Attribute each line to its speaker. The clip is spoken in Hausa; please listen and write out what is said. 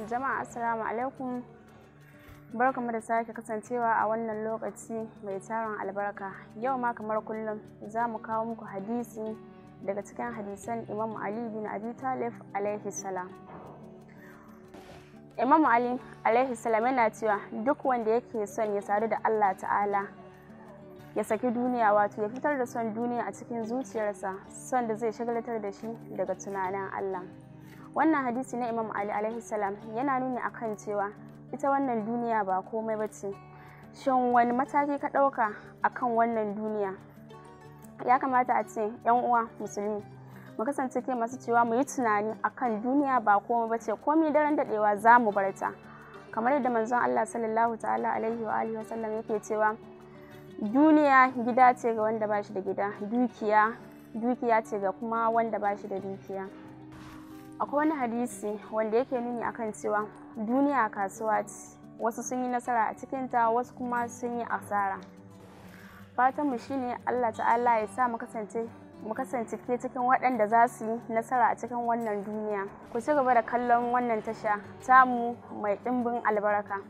Speaker 1: jama'a assalamu alaikum barkamu da sake kasancewa a wannan lokaci mai tarin albarka yau ma kamar kullum za mu kawo muku hadisi daga cikin hadisan imamu ali bin abi talif alaihi salam imamu ali alaihi salam yana cewa duk wanda yake son ya sadu da allah ta'ala ya saki duniya wato ya fitar da son duniya a cikin zuciyarsa son da zai shagaltar da shi daga tunanin allah wannan hadisi na imam ali alaihi salam yana nuni kan cewa ita wannan duniya ba komai ba ce shin wani mataki ka ɗauka akan wannan duniya ya kamata a ce yan uwa musulmi mu kasance ke masu cewa mu yi tunani akan duniya ba komai ba ce komai daren daɗewa za mu bar ta kamar yadda manzon Allah sallallahu ta'ala alaihi wa alihi wasallam yake cewa duniya gida ce ga wanda ba shi da gida dukiya dukiya ce ga kuma wanda ba shi da dukiya akwai wani hadisi wanda yake nuni akan cewa duniya kasuwa ce wasu sun yi nasara a cikinta wasu kuma sun yi asara fatan fatanmu shine allah ta'ala ya sa mu kasance mu kasance cikin waɗanda za su yi nasara a cikin wannan duniya ku ci gaba da kallon wannan tasha tamu mai ɗimbin albarka